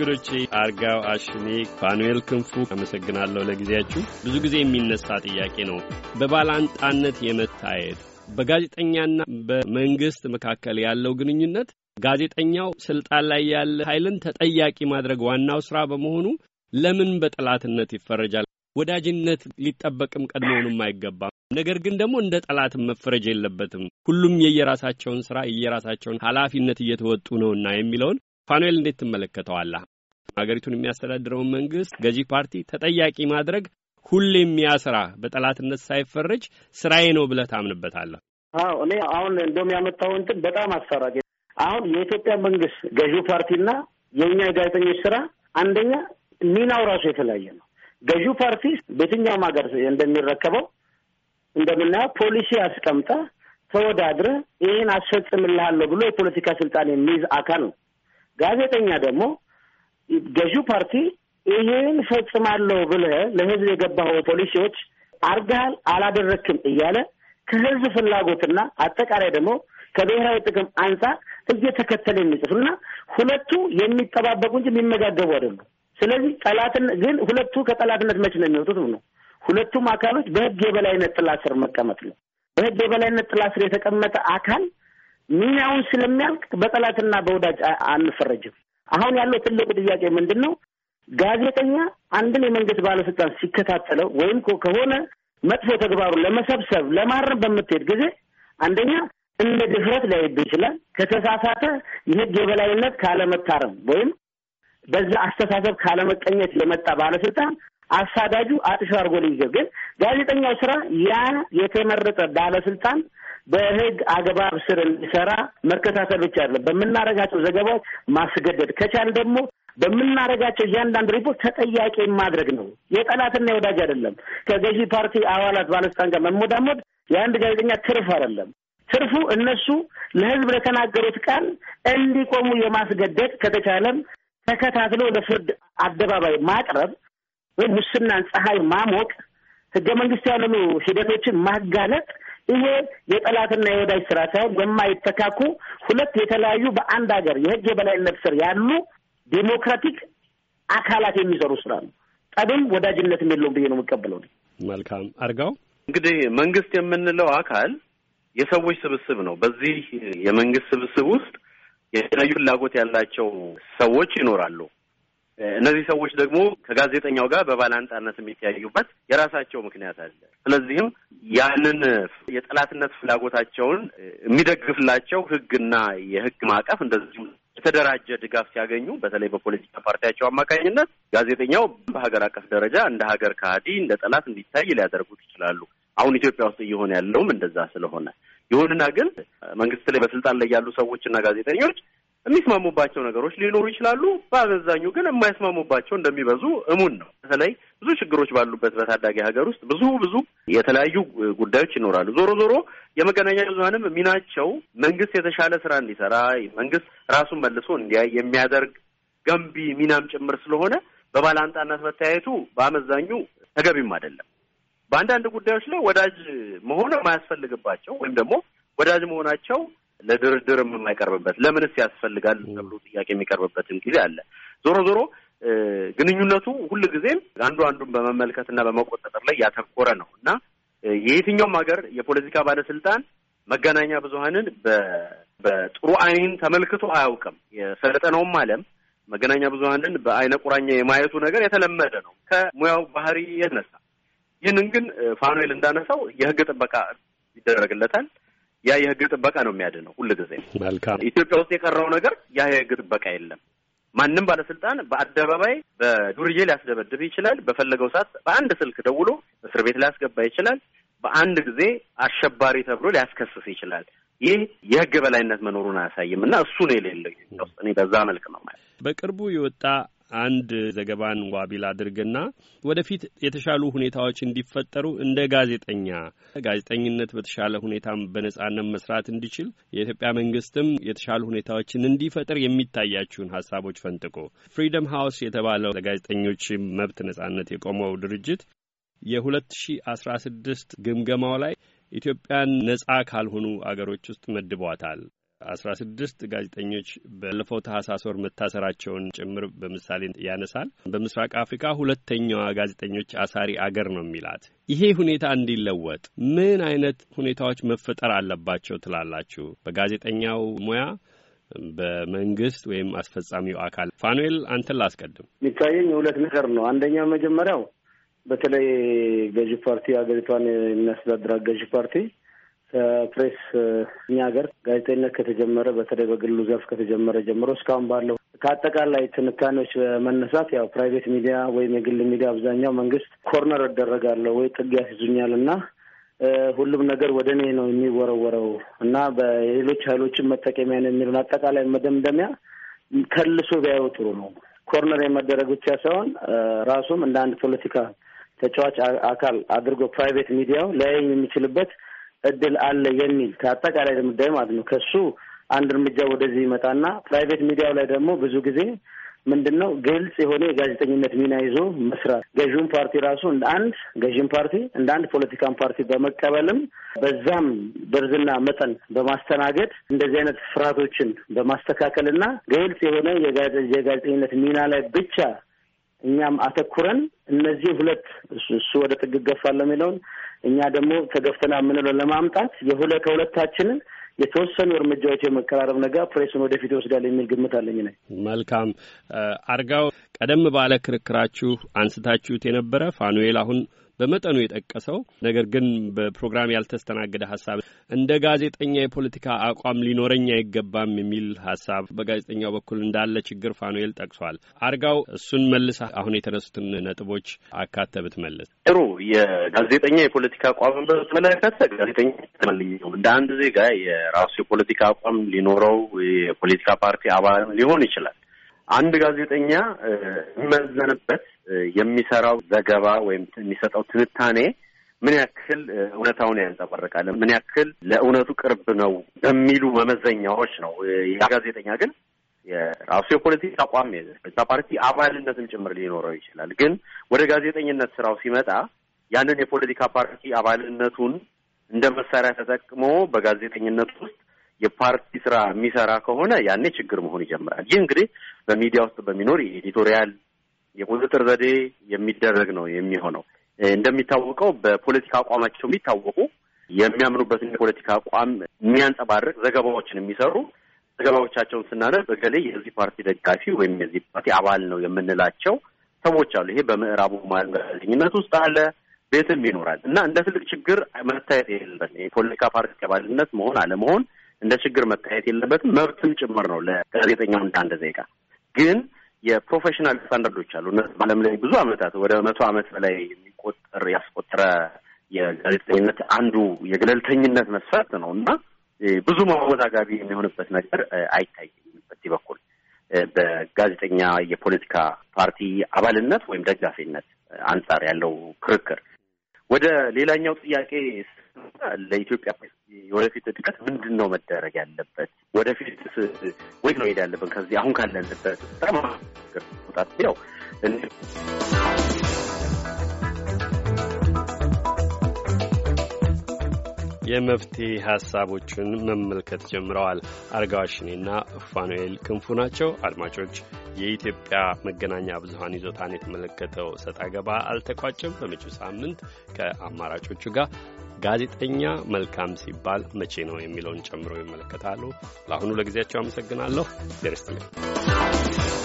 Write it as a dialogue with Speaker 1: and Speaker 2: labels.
Speaker 1: እንግዶች አርጋው አሽሜ፣ ፋኑኤል ክንፉ አመሰግናለሁ። ለጊዜያችሁ ብዙ ጊዜ የሚነሳ ጥያቄ ነው በባላንጣነት የመታየት በጋዜጠኛና በመንግስት መካከል ያለው ግንኙነት ጋዜጠኛው ስልጣን ላይ ያለ ኃይልን ተጠያቂ ማድረግ ዋናው ስራ በመሆኑ ለምን በጠላትነት ይፈረጃል? ወዳጅነት ሊጠበቅም ቀድሞውንም አይገባም። ነገር ግን ደግሞ እንደ ጠላትም መፈረጅ የለበትም። ሁሉም የየራሳቸውን ስራ የየራሳቸውን ኃላፊነት እየተወጡ ነውና የሚለውን ፋኑኤል እንዴት ትመለከተዋለህ? ሀገሪቱን የሚያስተዳድረውን መንግስት ገዢ ፓርቲ ተጠያቂ ማድረግ ሁሌ የሚያስራ በጠላትነት ሳይፈረጅ ስራዬ ነው ብለህ ታምንበታለህ?
Speaker 2: አዎ እኔ አሁን እንደውም ያመጣው እንትን በጣም አስፈራጊ አሁን የኢትዮጵያ መንግስት ገዢው ፓርቲና የእኛ የጋዜጠኞች ስራ አንደኛ ሚናው ራሱ የተለያየ ነው። ገዢው ፓርቲ በየትኛውም ሀገር እንደሚረከበው እንደምናየው ፖሊሲ አስቀምጠ ተወዳድረ ይህን አስፈጽምልሃለሁ ብሎ የፖለቲካ ስልጣን የሚይዝ አካል ነው። ጋዜጠኛ ደግሞ ገዢው ፓርቲ ይህን ፈጽማለሁ ብለህ ለህዝብ የገባኸው ፖሊሲዎች አርጋል አላደረክም እያለ ከህዝብ ፍላጎትና አጠቃላይ ደግሞ ከብሔራዊ ጥቅም አንጻር እየተከተለ የሚጽፍ እና ሁለቱ የሚጠባበቁ እንጂ የሚመጋገቡ አይደሉም። ስለዚህ ጠላትን ግን ሁለቱ ከጠላትነት መች ነው የሚወጡት ነው። ሁለቱም አካሎች በህግ የበላይነት ጥላ ስር መቀመጥ ነው። በህግ የበላይነት ጥላ ስር የተቀመጠ አካል ሚናውን ስለሚያልቅ በጠላትና በወዳጅ አንፈረጅም። አሁን ያለው ትልቁ ጥያቄ ምንድን ነው? ጋዜጠኛ አንድን የመንግስት ባለስልጣን ሲከታተለው ወይም ከሆነ መጥፎ ተግባሩ ለመሰብሰብ ለማረም በምትሄድ ጊዜ አንደኛ እንደ ድፍረት ሊያይብህ ይችላል። ከተሳሳተ የህግ የበላይነት ካለመታረም ወይም በዛ አስተሳሰብ ካለመቀኘት የመጣ ባለስልጣን አሳዳጁ አጥሾ አድርጎ ሊይዘው። ግን ጋዜጠኛው ስራ ያ የተመረጠ ባለስልጣን በህግ አግባብ ስር እንዲሰራ መከታተል ብቻ አይደለም፣ በምናደርጋቸው ዘገባዎች ማስገደድ ከቻል ደግሞ በምናደርጋቸው እያንዳንድ ሪፖርት ተጠያቂ ማድረግ ነው። የጠላትና የወዳጅ አይደለም። ከገዢ ፓርቲ አባላት ባለስልጣን ጋር መሞዳሞድ የአንድ ጋዜጠኛ ትርፍ አይደለም። ትርፉ እነሱ ለህዝብ ለተናገሩት ቃል እንዲቆሙ የማስገደድ ከተቻለም ተከታትሎ ለፍርድ አደባባይ ማቅረብ ወይም ሙስናን ፀሐይ ማሞቅ ህገ መንግስት ያልሆኑ ሂደቶችን ማጋለጥ ይሄ የጠላትና የወዳጅ ስራ ሳይሆን የማይተካኩ ሁለት የተለያዩ በአንድ ሀገር የህግ የበላይነት ስር ያሉ ዴሞክራቲክ አካላት የሚሰሩ ስራ ነው። ጠብም ወዳጅነትም የለውም ብዬ ነው የምቀበለው።
Speaker 1: መልካም አርጋው። እንግዲህ
Speaker 3: መንግስት የምንለው አካል የሰዎች ስብስብ ነው። በዚህ የመንግስት ስብስብ ውስጥ የተለያዩ ፍላጎት ያላቸው ሰዎች ይኖራሉ። እነዚህ ሰዎች ደግሞ ከጋዜጠኛው ጋር በባላንጣነት የሚተያዩበት የራሳቸው ምክንያት አለ። ስለዚህም ያንን የጠላትነት ፍላጎታቸውን የሚደግፍላቸው ሕግና የሕግ ማዕቀፍ እንደዚሁም የተደራጀ ድጋፍ ሲያገኙ በተለይ በፖለቲካ ፓርቲያቸው አማካኝነት ጋዜጠኛው በሀገር አቀፍ ደረጃ እንደ ሀገር ከሃዲ፣ እንደ ጠላት እንዲታይ ሊያደርጉት ይችላሉ። አሁን ኢትዮጵያ ውስጥ እየሆነ ያለውም እንደዛ ስለሆነ ይሁንና ግን መንግስት ላይ በስልጣን ላይ ያሉ ሰዎችና ጋዜጠኞች የሚስማሙባቸው ነገሮች ሊኖሩ ይችላሉ። በአመዛኙ ግን የማይስማሙባቸው እንደሚበዙ እሙን ነው። በተለይ ብዙ ችግሮች ባሉበት በታዳጊ ሀገር ውስጥ ብዙ ብዙ የተለያዩ ጉዳዮች ይኖራሉ። ዞሮ ዞሮ የመገናኛ ብዙሀንም ሚናቸው መንግስት የተሻለ ስራ እንዲሰራ መንግስት ራሱን መልሶ እንዲያይ የሚያደርግ ገንቢ ሚናም ጭምር ስለሆነ በባላንጣነት መተያየቱ በአመዛኙ ተገቢም አይደለም። በአንዳንድ ጉዳዮች ላይ ወዳጅ መሆን የማያስፈልግባቸው ወይም ደግሞ ወዳጅ መሆናቸው ለድርድር የማይቀርብበት ለምንስ ያስፈልጋል ተብሎ ጥያቄ የሚቀርብበትም ጊዜ አለ። ዞሮ ዞሮ ግንኙነቱ ጊዜም አንዱ አንዱን በመመልከትና በመቆጣጠር ላይ ያተኮረ ነው እና የየትኛውም ሀገር የፖለቲካ ባለስልጣን መገናኛ ብዙሀንን በጥሩ አይን ተመልክቶ አያውቅም። የሰለጠነውም ዓለም መገናኛ ብዙሀንን በአይነ ቁራኛ የማየቱ ነገር የተለመደ ነው ከሙያው ባህሪ የተነሳ። ይህንን ግን ፋኑኤል እንዳነሳው የህግ ጥበቃ ይደረግለታል። ያ የህግ ጥበቃ ነው የሚያድነው ጊዜ። መልካም ኢትዮጵያ ውስጥ የቀረው ነገር ያ የህግ ጥበቃ የለም። ማንም ባለስልጣን በአደባባይ በዱርዬ ሊያስደበድብ ይችላል። በፈለገው ሰዓት በአንድ ስልክ ደውሎ እስር ቤት ሊያስገባ ይችላል። በአንድ ጊዜ አሸባሪ ተብሎ ሊያስከስስ ይችላል። ይህ የህግ በላይነት መኖሩን አያሳይም እና እሱ ነው የሌለው ኢትዮጵያ ውስጥ። እኔ በዛ መልክ ነው
Speaker 1: ማለት በቅርቡ የወጣ አንድ ዘገባን ዋቢ ላድርግና ወደፊት የተሻሉ ሁኔታዎች እንዲፈጠሩ እንደ ጋዜጠኛ ጋዜጠኝነት በተሻለ ሁኔታም በነጻነት መስራት እንዲችል የኢትዮጵያ መንግስትም የተሻሉ ሁኔታዎችን እንዲፈጥር የሚታያችሁን ሀሳቦች ፈንጥቆ ፍሪደም ሃውስ የተባለው ለጋዜጠኞች መብት ነጻነት የቆመው ድርጅት የ2016 ግምገማው ላይ ኢትዮጵያን ነጻ ካልሆኑ አገሮች ውስጥ መድቧታል። አስራ ስድስት ጋዜጠኞች ባለፈው ታህሳስ ወር መታሰራቸውን ጭምር በምሳሌ ያነሳል። በምስራቅ አፍሪካ ሁለተኛዋ ጋዜጠኞች አሳሪ አገር ነው የሚላት። ይሄ ሁኔታ እንዲለወጥ ምን አይነት ሁኔታዎች መፈጠር አለባቸው ትላላችሁ? በጋዜጠኛው ሙያ በመንግስት ወይም አስፈጻሚው አካል ፋኑኤል፣ አንተን ላስቀድም።
Speaker 2: የሚታየኝ ሁለት ነገር ነው። አንደኛው መጀመሪያው በተለይ ገዢ ፓርቲ ሀገሪቷን የሚያስተዳድራት ገዢ ፓርቲ ከፕሬስ እኛ ሀገር ጋዜጠኝነት ከተጀመረ በተለይ በግሉ ዘርፍ ከተጀመረ ጀምሮ እስካሁን ባለው ከአጠቃላይ ትንታኔዎች በመነሳት ያው ፕራይቬት ሚዲያ ወይም የግል ሚዲያ አብዛኛው መንግስት ኮርነር እደረጋለሁ ወይ ጥግ ያስይዙኛል እና ሁሉም ነገር ወደ እኔ ነው የሚወረወረው እና በሌሎች ኃይሎችን መጠቀሚያ ነው የሚለውን አጠቃላይ መደምደሚያ ከልሶ ቢያየው ጥሩ ነው። ኮርነር የመደረግ ብቻ ሳይሆን ራሱም እንደ አንድ ፖለቲካ ተጫዋች አካል አድርጎ ፕራይቬት ሚዲያው ሊያየኝ የሚችልበት እድል አለ የሚል ከአጠቃላይ ድምዳሜ ማለት ነው። ከሱ አንድ እርምጃ ወደዚህ ይመጣና ፕራይቬት ሚዲያው ላይ ደግሞ ብዙ ጊዜ ምንድን ነው ግልጽ የሆነ የጋዜጠኝነት ሚና ይዞ መስራት ገዥውን ፓርቲ ራሱ እንደ አንድ ገዥን ፓርቲ እንደ አንድ ፖለቲካን ፓርቲ በመቀበልም በዛም ብርዝና መጠን በማስተናገድ እንደዚህ አይነት ፍርሃቶችን በማስተካከልና ግልጽ የሆነ የጋዜጠኝነት ሚና ላይ ብቻ እኛም አተኩረን እነዚህ ሁለት እሱ ወደ ጥግ ገፋለሁ የሚለውን እኛ ደግሞ ተገፍተና የምንለው ለማምጣት የሁለ ከሁለታችንን የተወሰኑ እርምጃዎች የመቀራረብ ነገር ፕሬሱን ወደፊት ይወስዳል የሚል ግምት አለኝ። ነ
Speaker 1: መልካም አርጋው፣ ቀደም ባለ ክርክራችሁ አንስታችሁት የነበረ ፋኑኤል አሁን በመጠኑ የጠቀሰው ነገር ግን በፕሮግራም ያልተስተናገደ ሀሳብ እንደ ጋዜጠኛ የፖለቲካ አቋም ሊኖረኝ አይገባም የሚል ሀሳብ በጋዜጠኛው በኩል እንዳለ ችግር ፋኑኤል ጠቅሷል። አርጋው እሱን መልስ አሁን የተነሱትን ነጥቦች አካተ ብትመልስ
Speaker 3: ጥሩ። የጋዜጠኛ የፖለቲካ አቋም በተመለከተ ጋዜጠኛ ተመልኘው እንደ አንድ ዜጋ የራሱ የፖለቲካ አቋም ሊኖረው የፖለቲካ ፓርቲ አባል ሊሆን ይችላል። አንድ ጋዜጠኛ የሚመዘንበት የሚሰራው ዘገባ ወይም የሚሰጠው ትንታኔ ምን ያክል እውነታውን ያንጸባርቃል፣ ምን ያክል ለእውነቱ ቅርብ ነው በሚሉ መመዘኛዎች ነው። ያ ጋዜጠኛ ግን የራሱ የፖለቲካ አቋም የዛ ፓርቲ አባልነትም ጭምር ሊኖረው ይችላል። ግን ወደ ጋዜጠኝነት ስራው ሲመጣ ያንን የፖለቲካ ፓርቲ አባልነቱን እንደ መሳሪያ ተጠቅሞ በጋዜጠኝነት ውስጥ የፓርቲ ስራ የሚሰራ ከሆነ ያኔ ችግር መሆን ይጀምራል። ይህ እንግዲህ በሚዲያ ውስጥ በሚኖር የኤዲቶሪያል የቁጥጥር ዘዴ የሚደረግ ነው የሚሆነው። እንደሚታወቀው በፖለቲካ አቋማቸው የሚታወቁ
Speaker 2: የሚያምኑበትን
Speaker 3: የፖለቲካ አቋም የሚያንጸባርቅ ዘገባዎችን የሚሰሩ ዘገባዎቻቸውን ስናነብ እገሌ የዚህ ፓርቲ ደጋፊ ወይም የዚህ ፓርቲ አባል ነው የምንላቸው ሰዎች አሉ። ይሄ በምዕራቡ ጋዜጠኝነት ውስጥ አለ፣ ቤትም ይኖራል እና እንደ ትልቅ ችግር መታየት የለበትም። የፖለቲካ ፓርቲ አባልነት መሆን አለመሆን እንደ ችግር መታየት የለበትም። መብትም ጭምር ነው ለጋዜጠኛው እንደ አንድ ዜጋ። ግን የፕሮፌሽናል ስታንዳርዶች አሉ። በዓለም ላይ ብዙ ዓመታት ወደ መቶ ዓመት በላይ የሚቆጠር ያስቆጠረ የጋዜጠኝነት አንዱ የገለልተኝነት መስፈርት ነው እና ብዙ መወዛጋቢ የሚሆንበት ነገር አይታይም በዚህ በኩል በጋዜጠኛ የፖለቲካ ፓርቲ አባልነት ወይም ደጋፊነት አንጻር ያለው ክርክር ወደ ሌላኛው ጥያቄ ለኢትዮጵያ የወደፊት እድቀት ምንድን ነው መደረግ ያለበት? ወደፊት ወይ ነው ሄድ ያለብን ከዚህ አሁን ካለንበት በጣም መውጣት
Speaker 1: የመፍትሄ ሀሳቦቹን መመልከት ጀምረዋል። አርጋዋሽኔና ፋኑኤል ክንፉ ናቸው። አድማጮች፣ የኢትዮጵያ መገናኛ ብዙሀን ይዞታን የተመለከተው ሰጣ ገባ አልተቋጨም። በመጪው ሳምንት ከአማራጮቹ ጋር ጋዜጠኛ መልካም ሲባል መቼ ነው የሚለውን ጨምሮ ይመለከታሉ። ለአሁኑ ለጊዜያቸው አመሰግናለሁ። ዜር